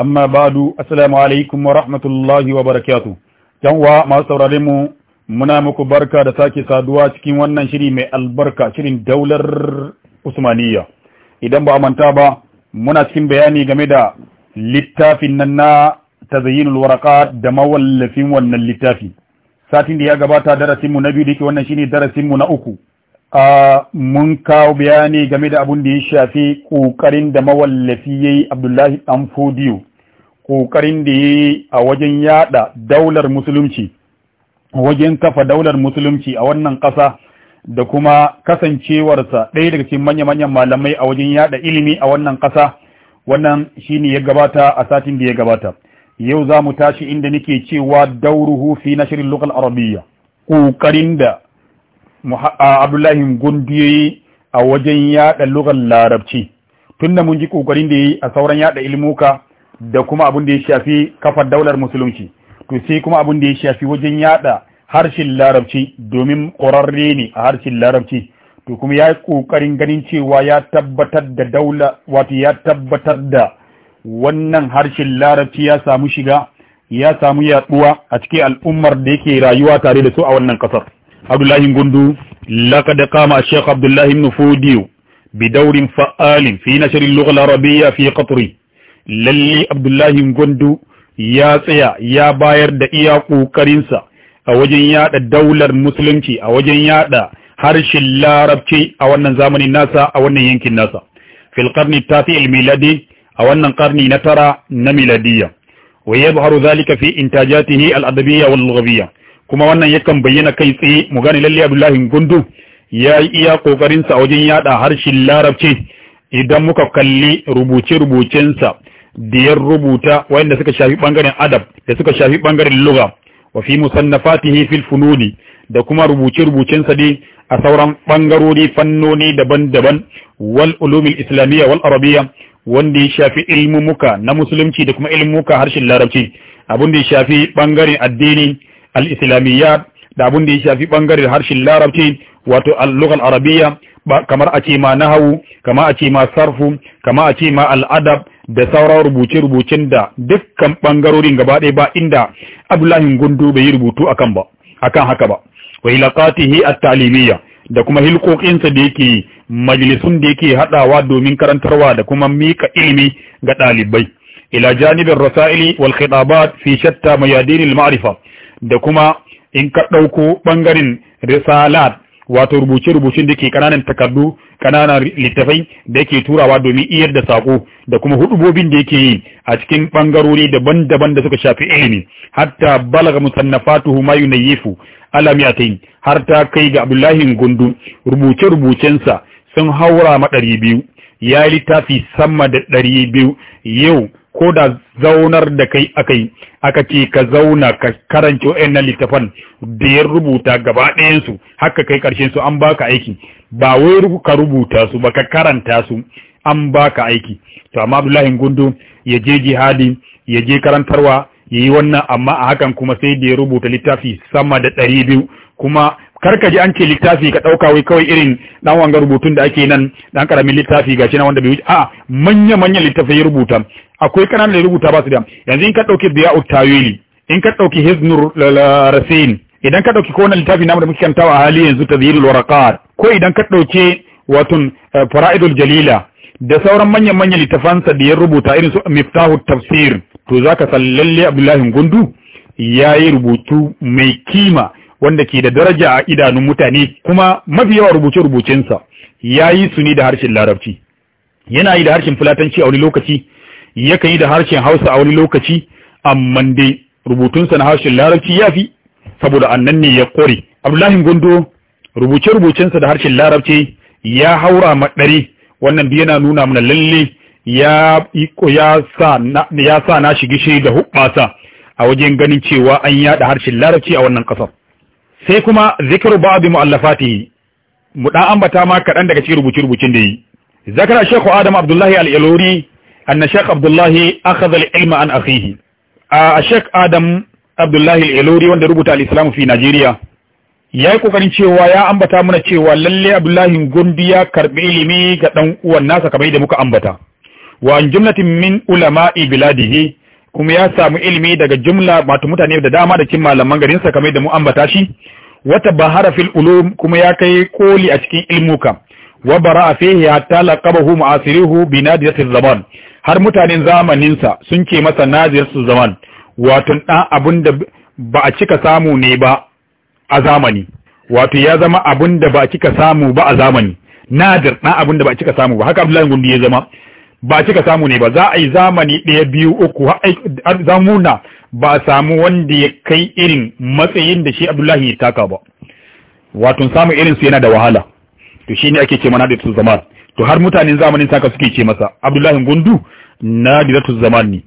amma ba'du assalamu alaikum wa rahmatullahi wa barakatuh yanwa masu saurare mu muna muku barka da sake saduwa cikin wannan shiri mai albarka shirin daular usmaniya idan ba manta ba muna cikin bayani game da littafin nan na tazayyinul waraqat da mawallafin wannan littafi satin da ya gabata darasin mu na biyu dake wannan shine darasin mu na uku mun kawo bayani game da abun da ya shafi ƙoƙarin da mawallafi ya yi abdullahi ɗan fodiyo ƙoƙarin da ya yi a wajen yaɗa daular musulunci wajen kafa daular musulunci a wannan ƙasa da kuma kasancewarsa ɗaya daga cikin manya-manyan malamai a wajen yaɗa ilimi a wannan ƙasa wannan shi ne ya gabata a satin da ya gabata yau za mu tashi inda nake cewa dauruhu fi nashirin lokal arabiyya ƙoƙarin da abdullahi gundiyoyi a wajen yaɗa lugar larabci tunda mun ji kokarin da yi a sauran yaɗa ilmuka da kuma abin da ya shafi kafar daular musulunci to sai kuma abin da ya shafi wajen yaɗa harshen larabci domin ƙwararre ne a harshen larabci to kuma ya yi ƙoƙarin ganin cewa ya tabbatar da daula wato ya tabbatar da wannan harshen larabci ya samu shiga ya samu yaɗuwa a cikin al'ummar da yake rayuwa tare da su a wannan ƙasar abdullahi gundu لقد قام الشيخ عبد بن فوديو بدور فعال في نشر اللغة العربية في قطر للي غندو يا يا باير دا iya kokarinsa a wajen yada daular musulunci a wajen yada harshen larabci a wannan zamanin nasa a wannan yankin nasa fil qarni miladi a wannan qarni na tara na miladiya wa kuma wannan yakan bayyana kai tsaye mu gane lalle Abdullahi Gundu ya yi iya kokarin sa wajen yada harshen Larabci idan muka kalli rubuce-rubucensa da ya rubuta wayanda suka shafi bangaren adab da suka shafi bangaren lugha wa fi musannafatihi fil fununi da kuma rubuce-rubucensa ne a sauran bangarori fannoni daban-daban wal ulumil islamiyya wal arabiyya wanda ya shafi ilmumuka na musulunci da kuma ilmumuka harshen larabci abin da ya shafi bangaren addini al-islamiyyat da abun da ya shafi bangaren harshen larabci wato al-lughal arabiyya kamar a ce ma nahawu kama a ce ma sarfu kama a ce ma al-adab da sauran rubuce-rubucen da dukkan bangarorin gaba ɗaya ba inda Abdullahi Gundu bai yi rubutu akan ba akan haka ba wa hilaqatihi at-talimiyya da kuma hilkokinsa da yake majalisun da yake hadawa domin karantarwa da kuma mika ilimi ga ɗalibai ila janibin rasaili wal khitabat fi shatta mayadin al-ma'rifa da kuma in ka ɗauko ɓangaren risalat wato rubuce-rubucen da ke ƙananan takardu ƙananan littafai da yake turawa domin iyar da saƙo da kuma hudubobin da yake yi a cikin ɓangarori daban-daban da suka shafi ilimi hatta balaga humayu na yefu alamiyatai har ta kai ga abdullahi gundu rubuce-rubucensa sun haura ma ɗari biyu ya yi littafi sama da ɗari biyu yau ko da zaunar da kai aka yi aka ce ka zauna ka karanci wa'annan littafan da ya rubuta gaba ɗayansu haka kai ƙarshen su an baka aiki ba wai ka rubuta su ba ka karanta su an baka aiki to amma Abdullahi Gundu ya je jihadi ya je karantarwa ya yi wannan amma a hakan kuma sai da ya rubuta littafi sama da ɗari biyu kuma karka ji an ce littafi ka ɗauka wai kawai irin ɗan wanga rubutun da ake nan ɗan ƙaramin littafi ga shi na wanda bai wuce a manya manyan littafai ya rubuta akwai ƙananan da rubuta ba su da yanzu in ka ɗauki biya tawili in ka ɗauki hisnur rasin idan ka ɗauki kowane littafi na da muke kantawa a hali yanzu ta zirul waraqat ko idan ka ɗauki watun eh, fara'idul jalila da sauran manyan manyan littafansa da ya rubuta irin su miftahu tafsir to zaka sallalle abdullahi gundu yayi rubutu mai kima wanda ke da daraja a idanun mutane kuma mafi yawa rubuce-rubucensa ya yi su ne da harshen larabci yana yi da harshen fulatanci a wani lokaci yakan yi da harshen hausa a wani lokaci amma dai rubutunsa na harshen larabci ya fi saboda annan ne ya kore abdullahi gondo rubuce-rubucensa da harshen larabci ya haura maɗari wannan duk yana nuna mana lalle ya ya sa na, ya sa na shige da hubbasa a wajen ganin cewa an yada harshen larabci a wannan kasar sai kuma zikiru zikru ba'd mu'allafatihi mu da ambata ma kadan daga cikin rubuce rubucin da yi zakara shaykhu adam abdullahi al-iluri anna shaykh abdullahi akhadha al-ilma an akhihi a shekh adam abdullahi al-iluri wanda rubuta al-islam fi najeriya yayi kokarin cewa ya ambata mana cewa lalle abdullahi gondi ya karbi ilimi ga dan uwan nasa kamar da muka ambata wa jumlatin min ulama'i biladihi kuma ya samu ilimi daga jumla wato mutane da dama da cikin malaman garinsa kamar da mu ambata shi wata ba fil ulum kuma ya kai koli a cikin ilmuka wa bara fihi hatta laqabahu mu'asirihu bi nadiyati zaman har mutanen zamanin sa sun ce masa nadiyatu zaman wato dan abun da ba a cika samu ne ba a zamani wato ya zama abun da ba a cika samu ba a zamani nadir dan abun da ba a cika samu ba haka Abdullahi Gundu ya zama ba cika samu ne ba za a yi zamani ɗaya biyu uku zamuna ba a samu wanda ya kai irin matsayin da shi abdullahi ya taka ba wato samun irin su yana da wahala to shi ne ake ce mana da zaman to har mutanen zamanin saka suke ce masa abdullahi gundu na da zaman ne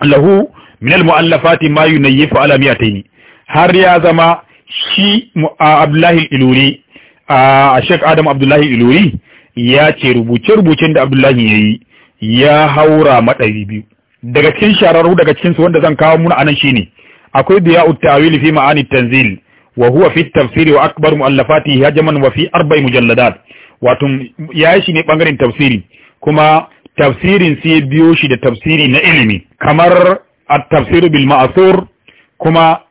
lahu min al mu'allafati ma yunayyifu ala miyataini har ya zama shi abdullahi iluri a shek adam abdullahi iluri ya ce rubuce-rubucen da Abdullahi ya yi ya haura maɗari biyu. Daga cikin shararru daga cikinsu wanda zan kawo muna anan ne. akwai biya uttawil fi ma'ani tanzil wa huwa fi tafsiri wa akbar mu'allafati hajman wa fi arba'i mujalladat wato yayi shi ne bangaren tafsiri kuma tafsirin sai biyo shi da tafsiri na ilimi kamar at-tafsir bil ma'asur kuma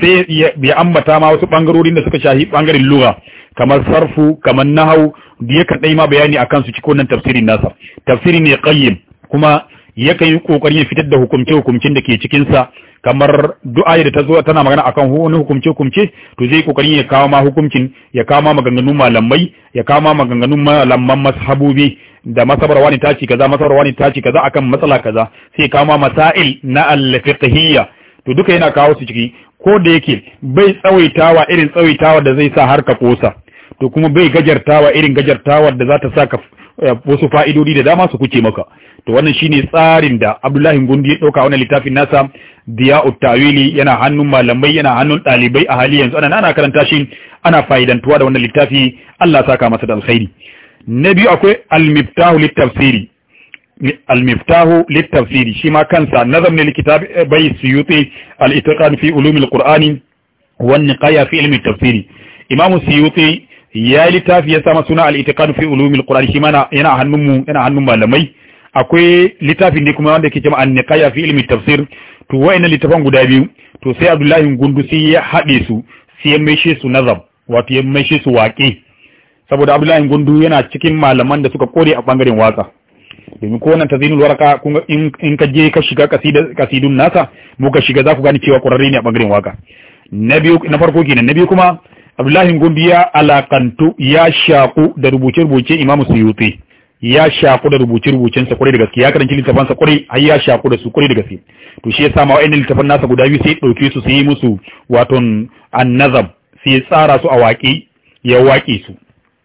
sai ya ambata ma wasu bangarorin da suka shahi bangaren lugha kamar sarfu kamar nahau da yakan dai ma bayani akan su cikin nan tafsirin nasa tafsiri ne qayyim kuma yakan yi ƙoƙarin ya fitar da hukumce hukumcin da ke cikinsa kamar du'a da ta zo tana magana akan wani hukumce hukumce to zai ƙoƙarin ya kawo ma hukumcin ya kawo ma maganganun malamai ya kawo ma maganganun malaman mashabubi da masabarwa ne ta taci kaza masabarwa ne ta taci kaza akan matsala kaza sai kawo ma masail na al-fiqhiyya to duka yana kawo su ciki ko da yake bai tsawaitawa irin tsawaitawa da zai sa har ka kosa to kuma bai gajartawa irin gajartawa da za ta sa ka eh, wasu fa'idodi da dama su kuce maka to wannan shine tsarin da Abdullahi Gundi ya dauka wannan littafin nasa Diya utawili yana hannun malamai yana hannun dalibai a hali yanzu ana ana karanta shi ana fa'idantuwa da wannan littafi Allah saka masa da alkhairi na biyu akwai al-miftahu lit-tafsiri al-miftahu lit shi ma kansa nazam ne likita bai suyuti al-itqan fi ulum al-qur'ani wa an fi ilm at-tafsir imam suyuti ya yi littafi ya sama suna al-itqan fi ulum al-qur'ani shi ma yana hannun yana hannun malamai akwai littafi ne kuma wanda ke cewa an-niqaya fi ilm tafsir to wayannan littafan guda biyu to sai Abdullahi Gundusi ya haɗe su sai ya maishe su nazam wato ya maishe su waƙe saboda Abdullahi Gundu yana cikin malaman da suka kore a bangaren waka domin ko wannan tazinul waraka in ka je ka shiga kasidun nasa mu ka shiga za ku gane cewa ƙwararre ne a ɓangaren waka na biyu na farko kenan na biyu kuma Abdullahi Gombe ya alakantu ya shaku da rubuce-rubuce Imam Suyuti ya shaku da rubuce-rubucen sa kwarai da gaske ya karanci littafan sa kwarai har ya shaku da su kwarai da gaske to shi yasa ma wa'annan littafan nasa guda biyu sai dauke su sai musu waton annazam sai tsara su a waƙi ya waƙe su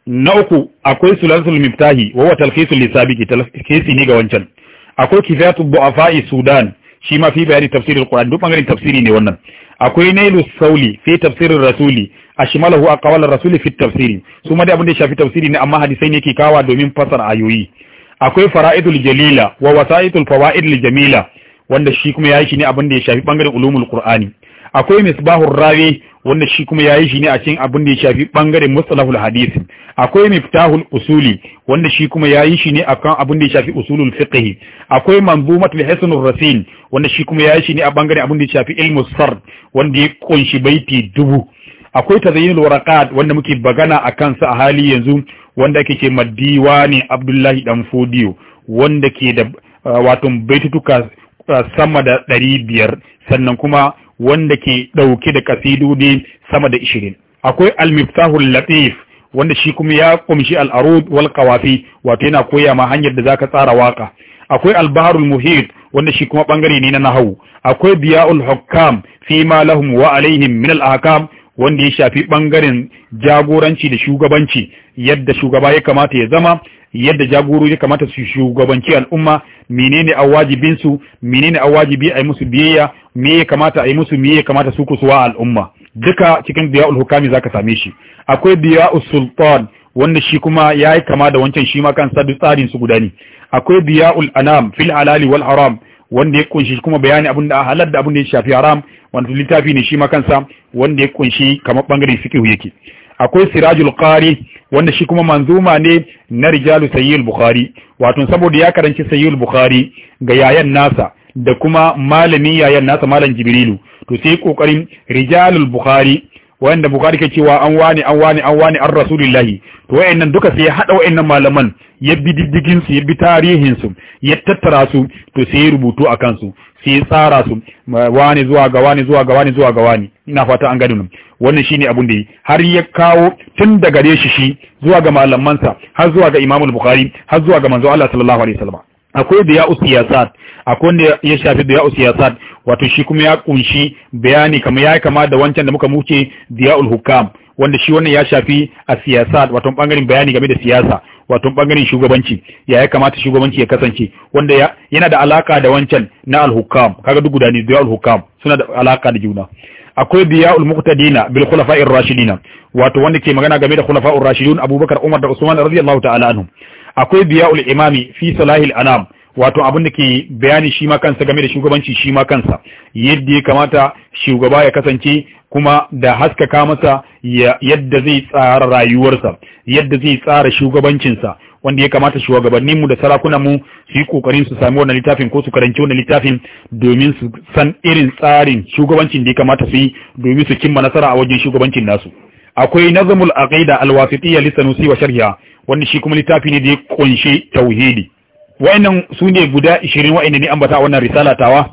na uku akwai sulasul miftahi wa wa li lisabiki talkhisi ne ga wancan akwai kifatu buafai sudan shi ma fi bayani tafsirin Qur'an duk bangaren tafsiri ne wannan akwai nailu sauli fi tafsirin rasuli ashmalahu aqwal a kawalar rasuli fi tafsiri su ma dai abin da shafi tafsiri ne amma hadisai ne ke kawa domin fasar ayoyi akwai fara'idul jalila wa wasa'itul fawaid jamila wanda shi kuma yayi shi ne abin da ya shafi bangaren ulumul qur'ani akwai misbahur rawi wanda shi kuma yayi shi ne a cikin abin da ya shafi bangaren mustalahul hadith akwai miftahul usuli wanda shi kuma yayi shi ne akan abin da ya shafi usulul fiqh akwai manzumatul hisnur rasil wanda shi kuma yayi shi ne a bangaren abin da ya shafi ilmu sar wanda ya kunshi baiti dubu akwai tazayinul waraqat wanda muke bagana akan sa a hali yanzu wanda ake ce madiwani abdullahi dan fodiyo wanda ke da wato baitutuka sama da ɗari biyar sannan kuma wanda ke ɗauke da kasidodi sama da ishirin akwai almiftahul latif wanda shi kuma ya kumshi al'arud wal wato yana koya ma hanyar da zaka tsara waka akwai albaharul muhit wanda shi kuma bangare ne na nahawu akwai biya'ul hukam fi ma lahum wa alaihim min al ahkam wanda ya shafi bangaren jagoranci da shugabanci yadda shugaba ya kamata ya zama yadda jagoro ya kamata su shugabanci al'umma menene a wajibin su menene a wajibi a yi musu biyayya me ya kamata a yi musu me ya kamata su kusuwa al'umma duka cikin diya'ul hukami zaka same shi akwai biya sultan wanda shi kuma yayi kama da wancan shi ma kansa duk tsarin su guda ne akwai biya anam fil halali wal haram wanda ya kunshi kuma bayani abin da halal da abin da ya shafi haram wanda littafi ne shi ma kansa wanda ya kunshi kamar bangare fiqh yake akwai sirajul qari wanda shi kuma manzuma ne na rijalu sayyid bukhari wato saboda ya karanci sayyid bukhari ga yayan nasa da kuma malamin yayan nasa malam jibrilu to sai kokarin rijalul bukhari wanda bukhari ke cewa an wani an wani an wani an rasulillahi to wayannan duka sai ya hada wayannan malaman ya bi diddigin su ya bi tarihin su ya tattara su to sai ya rubutu akan su sai tsara su wani zuwa ga wani zuwa ga wani zuwa ga wani ina fata an gani wannan shine abun da yi har ya kawo tun daga gare shi shi zuwa ga malamansa har zuwa ga imamul Bukhari har zuwa ga manzo Allah sallallahu alaihi wasallam akwai da ya usiyasat akwai wanda ya shafi da ya usiyasat wato shi kuma ya kunshi bayani kamar ya kama da wancan da muka muke diyaul hukam wanda shi wannan ya shafi a siyasa wato bangaren bayani game da siyasa wato bangaren shugabanci ya ya kamata shugabanci ya kasance wanda yana da alaka da wancan na al-hukam kaga duk guda da al-hukam suna da alaka da juna akwai diya'ul muqtadina bil khulafa'ir rashidina wato wanda ke magana game da khulafa'ur rashidun Abubakar Umar da Usman radiyallahu ta'ala anhum akwai diya'ul imami fi salahil anam wato abin da ke bayani shi ma kansa game da shugabanci shi ma kansa yadda ya kamata shugaba ya kasance kuma da haskaka masa yadda zai tsara rayuwarsa yadda zai tsara shugabancinsa wanda ya kamata mu da sarakunanmu su yi kokarin su sami wannan littafin ko su karanci wannan littafin domin su san irin tsarin shugabancin da ya kamata su yi domin su cimma nasara a wajen shugabancin nasu akwai nazamul aqida alwasitiyya lisanusi wa sharhiya wanda shi kuma littafi ne da ya kunshi tauhidi wayannan su ne guda ishirin wayanda ne ambata a wannan risala tawa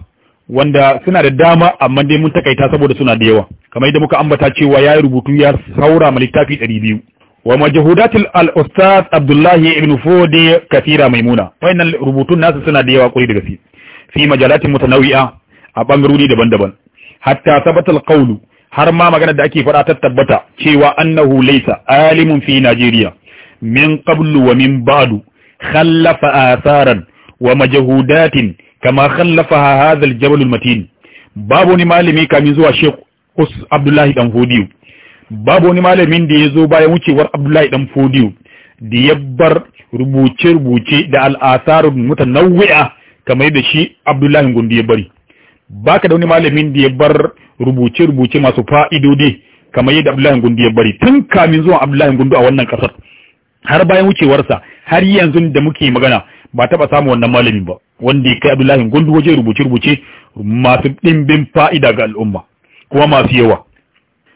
wanda suna da dama amma dai mun takaita saboda suna da yawa kamar yadda muka ambata cewa ya rubutu ya saura ma littafi biyu. wa majhudatul al-ustad Abdullahi ibn Fodi kathira maimuna wayannan rubutun nasu suna da yawa kuri da gaske fi majalatin mutanawi'a a bangarori daban-daban hatta sabata al har ma magana da ake faɗa ta tabbata cewa annahu laysa alimun fi Najeriya min qablu wa min ba'du khallafa atharan wa majahudatin kama khallafaha hadha al-jabal al-matin babu wani malami kamin zuwa Sheikh Abdullahi dan Fodiyo babu wani malamin da ya zo bayan wucewar Abdullahi dan Fodiyo da ya bar rubuce-rubuce da al'asarun mutanawwi'a kamar da shi Abdullahi gundi ya bari baka da wani malamin da ya bar rubuce-rubuce masu fa'idodi kamar yadda Abdullahi gundi ya bari tun kamin zuwa Abdullahi Gundu a wannan kasar har bayan wucewarsa har yanzu da muke magana ba taɓa samun wannan malamin ba wanda ya kai abdullahi gundu waje rubuce-rubuce masu ɗimbin fa'ida ga al'umma kuma masu yawa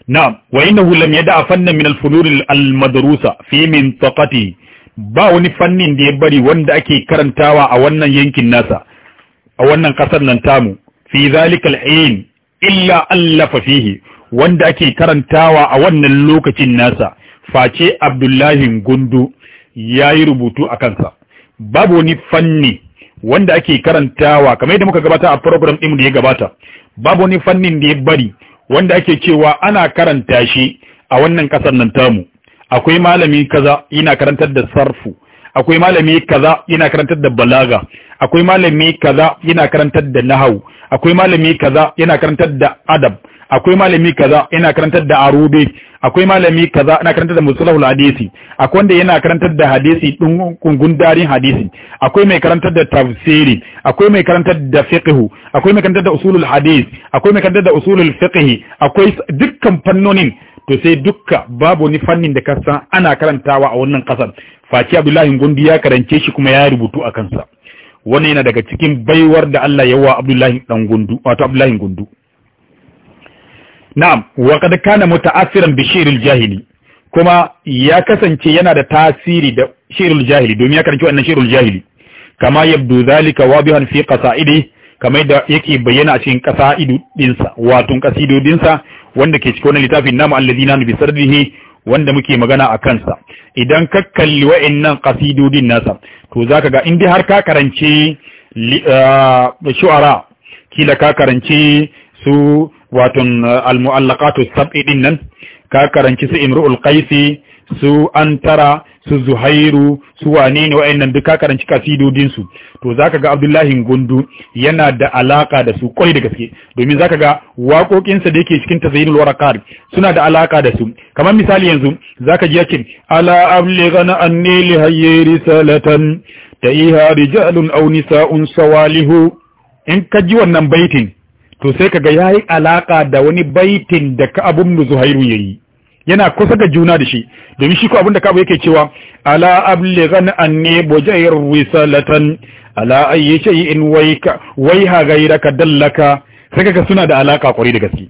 na'am wa innahu lam yada fannan min al-funur al-madrusa fi ba wani fannin da ya bari wanda ake karantawa a wannan yankin nasa a wannan kasar nan tamu fi zalika al-ain illa allafa fihi wanda ake karantawa a wannan lokacin nasa face abdullahi gundu ya yi rubutu a kansa babu wani fanni wanda ake karantawa kamar yadda muka gabata a program ɗin da ya gabata babu wani fannin da ya bari wanda ake cewa ana karanta shi a wannan ƙasar nan tamu akwai malami kaza yana karantar da sarfu akwai malami kaza yana karantar da balaga akwai malami kaza yana karantar da nahau akwai malami kaza yana karantar da adab akwai malami kaza yana karantar da arube akwai malami kaza yana karantar da musalahul hadisi akwai wanda yana karantar da hadisi din kungun darin hadisi akwai mai karantar da tafsiri akwai mai karantar da fiqh akwai mai karantar da usulul hadis akwai mai karantar da usulul fiqh akwai dukkan fannonin to sai dukka babu ni fannin da kasan ana karantawa a wannan kasar Fati Abdullahi Gondi ya karance shi kuma ya rubutu a kansa wannan yana daga cikin baiwar da Allah yawa Abdullahi dan Gundu wato Abdullahi Gundu na'am wa kad kana muta'assiran jahili kuma ya kasance yana da tasiri da shirin jahili domin ya karanci wannan shirin jahili kama yabdu zalika wabihan fi ƙasa'ide, kamar da yake bayyana a cikin ƙasa'idu dinsa wato kasidodinsa wanda ke cikin wani littafin namu na nufi sardihi wanda muke magana a kansa idan ka kalli wa'annan kasidodin nasa to zaka ga indai har ka karance ah, shu'ara kila ka karance su Waton eh, al-mu'allaqatu sab'i din nan ka karanci su imru'ul qaisi su antara su zuhairu su wane ne wa'annan duk ka karanci kasidodin su to zaka ga abdullahi gundu yana da alaka da su kwai da gaske domin zaka ga waƙoƙin sa da yake cikin tazayyinul waraqat suna da alaka da su kamar misali yanzu zaka ji yake ala ablighana anni li hayyi risalatan ta'iha rijalun aw nisa'un sawalihu in ka ji wannan baitin to sai kaga yi alaƙa da wani baitin da Ka'ab mu Zuhairu yayi yana kusa da juna da shi domin shi ko abin da Ka'ab yake cewa ala zan ablighan anni bujair risalatan ala ayyi shay'in wayka wayha ka dallaka sai kaga suna da alaƙa kwari da gaske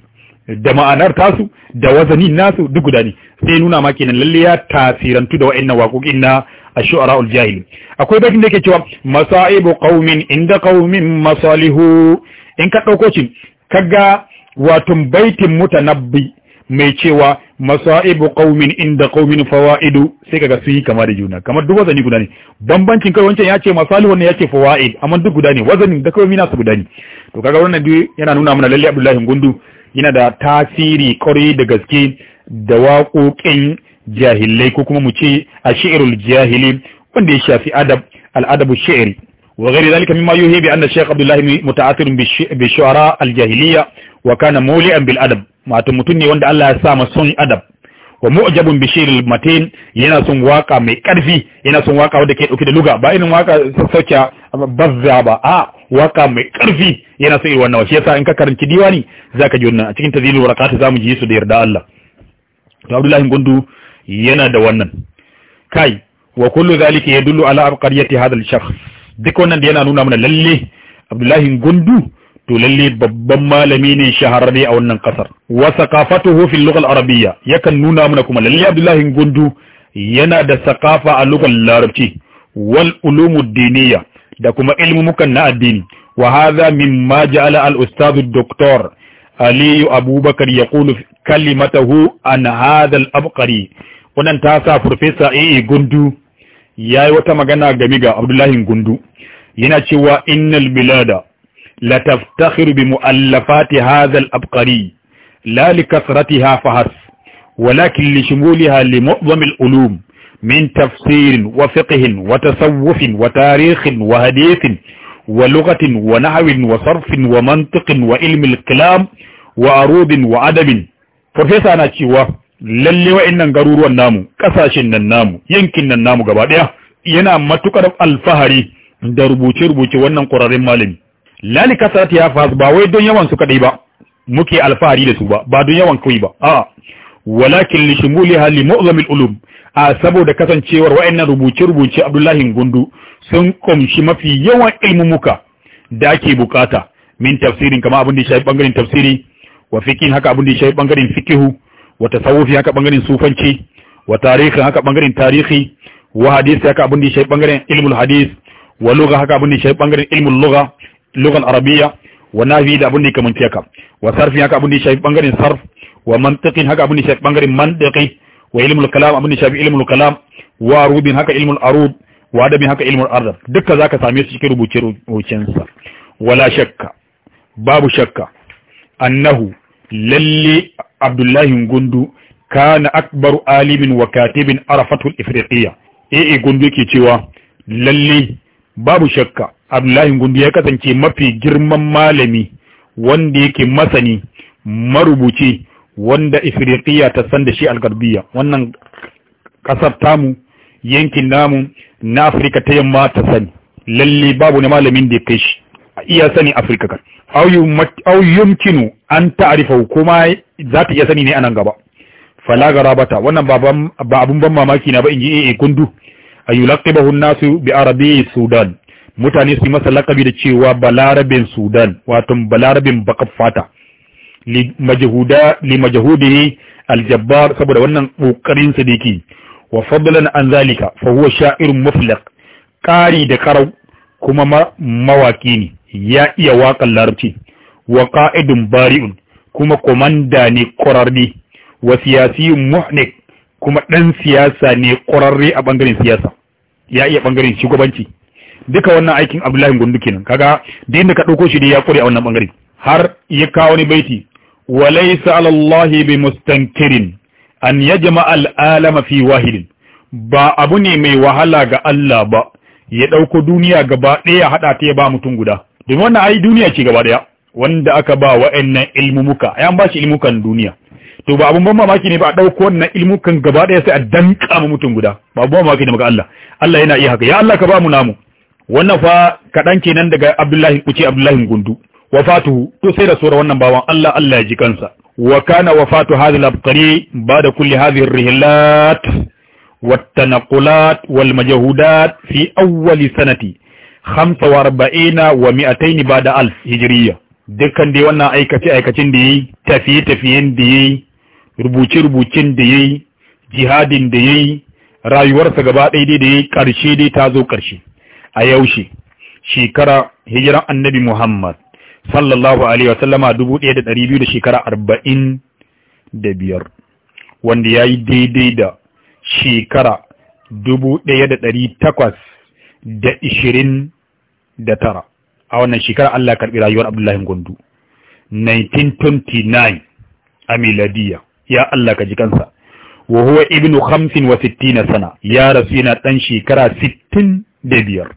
da ma'anar tasu da wazani nasu duk guda ne sai nuna ma kenan lalle ya tasirantu da wa'annan waƙoƙin na ash-shu'ara al akwai bakin da yake cewa masaibu ƙaumin, inda masalihu in ka ɗauko shi kaga watun baitin mutanabbi mai cewa masaibu qaumin inda qaumin fawaidu sai kaga sun yi kama da juna kamar duk wazani guda ne bambancin kai wancan ya ce wannan ya ce fawaid amma duk guda ne wazanin da kawai su guda ne to kaga wannan duk yana nuna mana lalle Abdullahi Gundu yana da tasiri kwarai da gaske da waƙoƙin jahilai ko kuma mu ce a shi'irul jahili wanda ya shafi adab al'adabu shi'ri وغير ذلك مما يوهي بأن الشيخ عبد الله متعاثر بالشعراء الجاهلية وكان مولئا بالأدب ما تمتني وند الله سام سن أدب ومعجب بشير المتين yana son waka mai karfi yana son waka wanda ke dauke da luga ba irin waka sauka bazza ba a waka mai karfi yana son irin wannan shi yasa in ka karanci diwani zaka ji wannan a cikin tazilul warakat zamu ji su da yarda Allah to Abdullahi Gundu yana da wannan kai wa ya zalika yadullu ala abqariyati hadha al duk wannan da yana nuna mana lalle abdullahi gundu to lalle babban malami ne shahararre a wannan kasar wa saqafatuhu fil lugha arabiyya yakan nuna mana kuma lalle abdullahi gundu yana da saqafa a lokal larabci wal ulumud diniya da kuma ilmumukan na addini wa hadha mimma ja'ala al-ustadh ad-doktor Ali Abubakar yaqulu kalimatahu an hadha al-abqari wannan ta sa professor AA Gundu yayi wata magana game ga Abdullahi Gundu yana cewa innal bilada la taftakhiru bi mu'allafati hadha al-abqari la li kasratiha fahas ولكن لشمولها لمعظم العلوم من تفسير وفقه وتصوف وتاريخ وحديث ولغة ونحو وصرف ومنطق وعلم الكلام وعروض وأدب farfesa na cewa lalle wa'annan garuruwan namu kasashen nan namu yankin nan namu gaba daya yana matukar alfahari da rubuce-rubuce wannan ƙwararren malami lali kasarati ya fasu ba wai don yawan su kaɗai ba muke alfahari da su ba ba don yawan kawai ba a walakin li shumuli hali mu'zamil ulum a saboda kasancewar wa'annan rubuce-rubuce abdullahi gundu sun kumshi mafi yawan ilmumuka da ake bukata min tafsirin kama abin da shafi bangaren tafsiri wa fikin haka abin da shafi bangaren fikihu wa tasawufi haka bangaren sufanci wa tarihin haka bangaren tarihi wa hadisi haka abin da shafi bangaren ilmul hadis wa lugha haka abin da shi bangaren ilmin luga lughal arabiya wa nahwi da abin da kamar haka wa sarfi haka abin da shi bangaren sarf wa mantiqin haka abin da shi bangaren mantiqi wa ilmul kalam abin da shi ilmul kalam wa rubin haka ilmul arud wa adabin haka ilmul adab dukkan zaka same su cikin rubuce rubucen sa wala shakka babu shakka annahu lalle abdullahi gundu kana akbaru alimin wa katibin arafatul ifriqiyya eh e, gundu ke cewa lalle babu shakka abdullahi gundu ya kasance mafi girman malami wanda yake masani marubuci wanda ifriqiya ta san da shi algarbiya wannan kasar tamu yankin namu na afirka ta yamma ta sani lalle babu ne malamin da ya kai shi a iya sani afirka kan au yumkinu an ta'arifa kuma za ta iya sani ne a nan gaba fala garabata wannan ba abun ban mamaki na ba in ji eh gundu a yulaqibahu nasu bi arabi sudan mutane su masa lakabi da cewa balarabin sudan wato balarabin bakar fata li majahudihi aljabbar saboda wannan kokarin sa dake wa fadlan an zalika fa huwa sha'irun muflaq qari da karau kuma mawaki ne ya iya waƙan larabci wa qa'idun bari'un kuma komanda ne ƙwararre wa siyasiyun muhnik kuma ɗan siyasa ne ƙwararre a ɓangaren siyasa ya iya bangaren shugabanci duka wannan aikin Abdullahi Gundu kenan kaga da inda ka dauko shi da ya kure a wannan bangare har ya kawo ni baiti wa laysa ala Allah bi mustankirin an yajma al alama fi wahidin ba abu ne mai wahala ga Allah ba ya dauko duniya gaba daya hada ta ya ba mutum guda domin wannan ai duniya ce gaba daya wanda aka ba wa'annan ilmumuka ai ba shi ilmukan duniya to ba abun ban mamaki ne ba a ɗauko wannan ilmukan gaba ɗaya sai a danka mu mutum guda ba abun mamaki ne maka Allah Allah yana iya haka ya Allah ka ba mu namu wannan fa kaɗan kenan daga Abdullahi kuce Abdullahi gundu wafatu to sai da sura wannan bawan Allah Allah ya ji kansa wa kana wafatu hadhihi al-abqari ba'da kulli hadhihi ar-rihilat والتنقلات والمجهودات في أول سنة خمسة واربعين ومئتين بعد ألف هجرية دكان دي وانا أيكتي أيكتين tafiye تفي تفين yi. rubuce-rubucen da ya yi jihadin da ya yi rayuwarsa gaba ɗaya da ya yi ƙarshe dai ta zo ƙarshe a yaushe shekara hijiran annabi muhammad sallallahu alaihi wasallama dubu ɗaya da ɗari biyu da shekara arba'in da biyar wanda ya yi daidai da shekara dubu ɗaya da ɗari takwas da ishirin da tara a wannan shekara Allah karɓi rayuwar Abdullahi Gondu 1929 a miladiya ya Allah ka ji kansa wa huwa ibnu 65 sana ya rasu yana dan shekara 65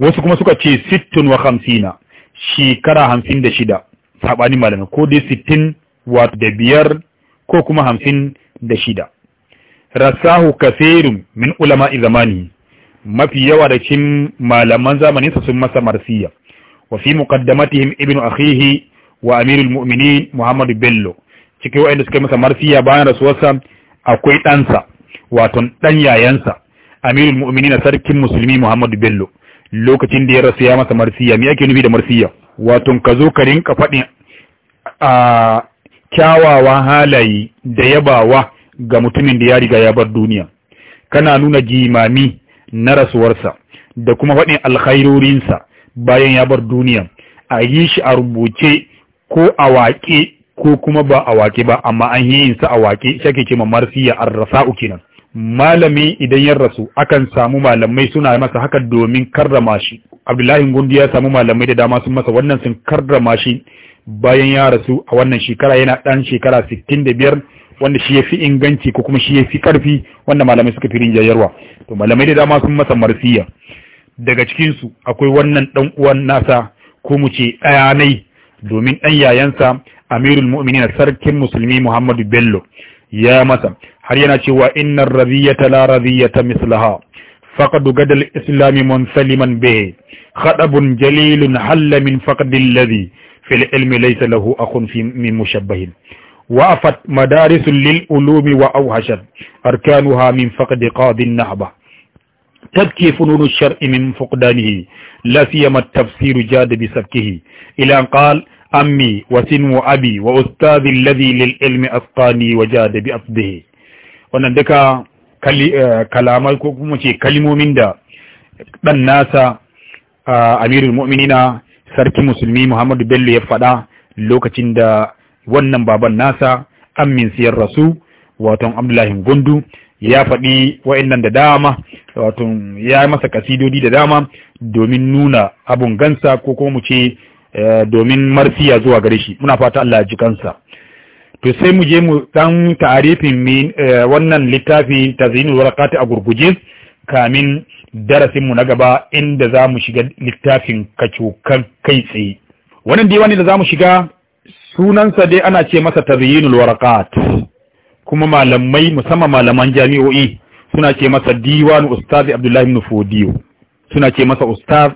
wasu kuma suka ce 60 wa 50 shekara 56 sabani malami ko dai 60 wa da biyar ko kuma da shida. rasahu kaseerun min ulama'i zamani mafi yawa da cikin malaman zamaninsa sun masa marsiya wa fi muqaddamatihim ibnu akhihi wa amirul mu'minin muhammadu bello cikin wa'anda suka masa marfiya bayan rasuwarsa akwai ɗansa wato ɗan yayansa amirul mu'minin sarkin musulmi muhammadu bello lokacin da ya rasu ya masa marfiya me ake nufi da marfiya wato ka zo ka rinka faɗin a kyawawan halaye da yabawa ga mutumin da ya riga ya bar duniya kana nuna jimami na rasuwarsa da kuma faɗin alkhairorinsa bayan ya bar duniya a yi shi a rubuce ko a waƙe ko kuma ba a waƙe ba amma an yi yin sa a waƙe shake ce marsiya uki kenan malami idan ya rasu akan samu malamai suna masa haka domin karrama shi abdullahi gundi ya samu malamai da dama sun masa wannan sun karrama shi bayan ya rasu a wannan shekara yana ɗan shekara sittin da biyar wanda shi ya fi inganci ko kuma shi ya fi ƙarfi wanda malamai suka fi rinjayarwa to malamai da dama sun masa marsiya daga cikinsu akwai wannan ɗan uwan nasa ko mu ce ɗayanai domin ɗan yayansa امير المؤمنين سركن مسلمي محمد بلو يا مثلا حرينا شوى ان الرذية لا رذية مثلها فقد قد الاسلام منسلما به خطب جليل حل من فقد الذي في العلم ليس له اخ في من مشبه وافت مدارس للعلوم واوهشت اركانها من فقد قاضي النعبة تبكي فنون الشرع من فقدانه لا سيما التفسير جاد بسبكه الى ان قال أمي وسنو أبي وأستاذي الذي للعلم أسقاني وجاد بأفضه wannan duka kalamar ko kuma ce kalmomin da ɗan nasa amirul mu'minina sarki musulmi muhammadu bello ya faɗa lokacin da wannan baban nasa amin siyar rasu waton abdullahi gundu ya faɗi wa'annan da dama ya masa kasidodi da dama domin nuna abun gansa ko kuma mu ce Eh, domin marfiya zuwa gare shi muna fata Allah ji kansa to sai mu je mu dan ta'arifin min eh, wannan littafi tazinul warqati a gurguje kamin darasin mu na gaba inda za mu shiga littafin kacokan kai tsaye wannan diwani da za mu shiga sunansa dai ana ce masa tazyinul warqat kuma malamai musamman malaman jami'o'i suna ce masa diwanu ustazi abdullahi ibn fodiyo suna ce masa ustaz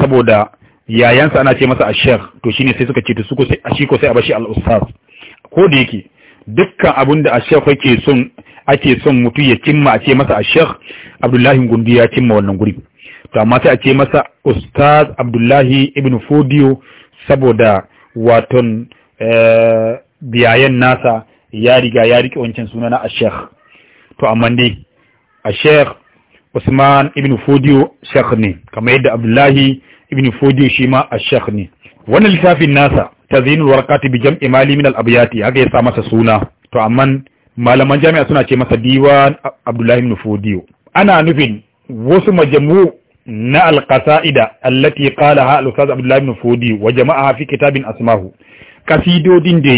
saboda yayansa ana ce masa ashekh to shine sai suka ce to suko sai ashiko sai a bashi al-ustaz ko da yake dukkan abin da ashekh yake son ake son mutu ya cimma a ce masa ashekh Abdullahi Gundu ya cimma wannan guri to amma sai a ce masa ustaz Abdullahi ibn fudiyo saboda waton eh, biyayen nasa ya riga ya rike wancan suna na ashekh to amma dai ashekh Usman ibn Fodiyo Sheikh ne kamar yadda Abdullahi ibn Fodiyo shi ma a Sheikh ne wannan littafin nasa tazinul warqati bi jam'i mali min al-abyati haka ya sa masa suna to amma malaman jami'a suna ce masa diwan Abdullahi ibn Fodiyo ana nufin wasu majamu na alqasaida allati qalaha al-ustaz Abdullahi ibn Fodiyo wa jama'aha fi kitabin asmahu kasidodin da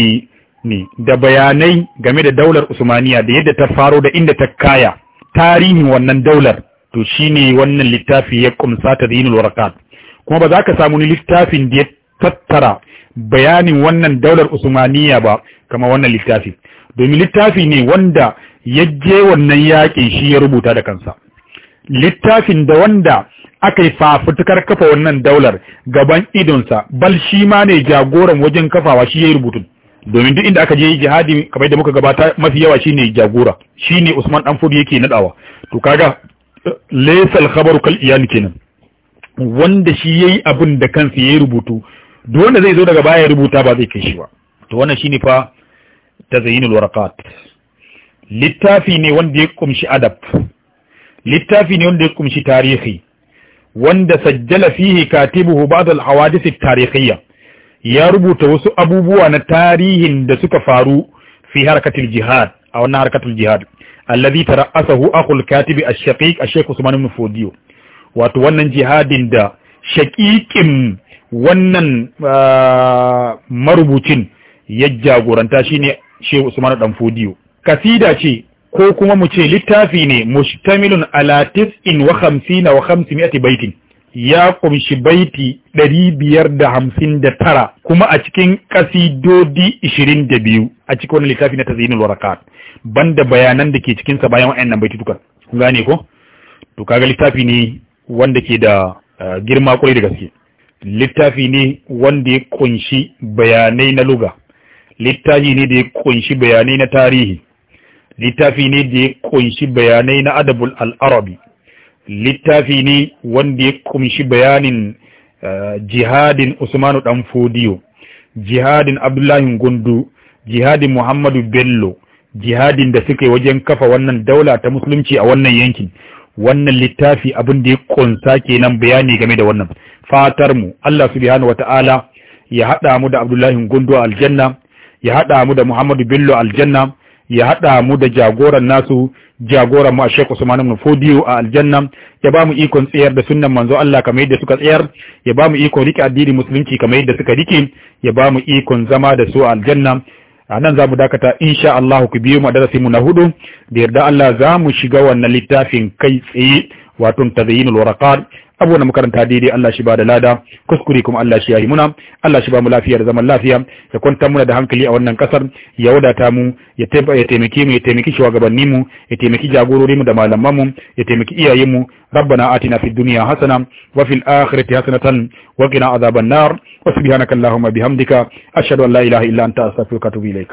ne da bayanai game da daular Usmaniya da yadda ta faro da inda ta kaya tarihin wannan daular to shine wannan littafi ya kumsa ta tadhinul warakat kuma ba za ka samu ni littafin da ya tattara bayanin wannan daular usmaniya ba kama wannan littafi domin littafi ne wanda ya je wannan yakin shi ya rubuta da kansa littafin da wanda aka yi fafutukar kafa wannan daular gaban idonsa bal shi ma ne jagoran wajen kafawa shi ya yi rubutun domin duk inda aka je jihadi kamar da muka gabata mafi yawa shine jagora ne Usman Danfodi yake nadawa to kaga laysa al iyali kenan wanda shi yayi abin da kansa yayi rubutu duk wanda zai zo daga baya rubuta ba zai kai shi ba to wannan shine fa tazayyinul waraqat littafi ne wanda ya kumshi adab littafi ne wanda ya kumshi tarihi wanda sajjala fihi katibuhu ba'd al-hawadith ya rubuta wasu abubuwa na tarihin da suka faru fi harkatul jihad a wannan harkatul jihad alladhi tara'asahu akhul katibi ash-shaqiq ash-shaykh Usman ibn Fodiyo wato wannan jihadin da shaqiqin wannan ah, marubucin ya jagoranta shine Sheikh Usman dan Fodiyo kasida ce ko kuma mu ce littafi ne mustamilun ala tis'in wa khamsina wa baitin ya kumshi baiti ɗari biyar da hamsin da tara kuma a cikin ƙasidodi ishirin da biyu a cikin wani littafi na tazinul warakat banda bayanan da ke cikinsa bayan wa'annan baiti tukar kun gane ko to kaga littafi ne wanda ke da eh, girma kwarai da gaske littafi ne wanda ya kunshi bayanai na luga littafi ne da ya kunshi bayanai na tarihi littafi ne da ya kunshi bayanai na adabul al'arabi littafi ne wanda ya kumshi bayanin eh, jihadin Usmanu dan Fodiyo jihadin Abdullahi Gundu jihadin Muhammadu Bello jihadin da suka wajen kafa wannan daula ta musulunci a wannan yankin wannan littafi abin da ya kunsa kenan bayani game da wannan fatar mu Allah subhanahu wataala ya hada mu da Abdullahi Gundu aljanna ya hada mu da Muhammadu Bello aljanna ya haɗa mu da jagoran nasu jagoran mu a Sheikh Usman ibn Fodiyo a aljanna ya ba mu ikon tsayar da sunnan manzo Allah kamar yadda suka tsayar ya ba mu ikon rike addini musulunci kamar yadda suka rike ya ba mu ikon zama da su a aljanna a nan za mu dakata insha Allah ku biyo mu darasi mu na hudu da yarda Allah za mu shiga wannan littafin kai tsaye wato tazayyinul waraqat abu na makaranta daidai Allah shi ba da lada kuskure kuma Allah shi yayi muna Allah shi ba mu lafiya da zaman lafiya ya kwanta muna da hankali a wannan kasar ya wadata mu ya taimake mu ya taimaki shugabanni mu ya taimaki jagorori mu da malaman mu ya taimaki iyayen mu ربنا آتنا في الدنيا حسنة وفي الآخرة حسنة وقنا عذاب النار وسبحانك اللهم بحمدك أشهد أن لا إله إلا أنت أستغفرك وأتوب إليك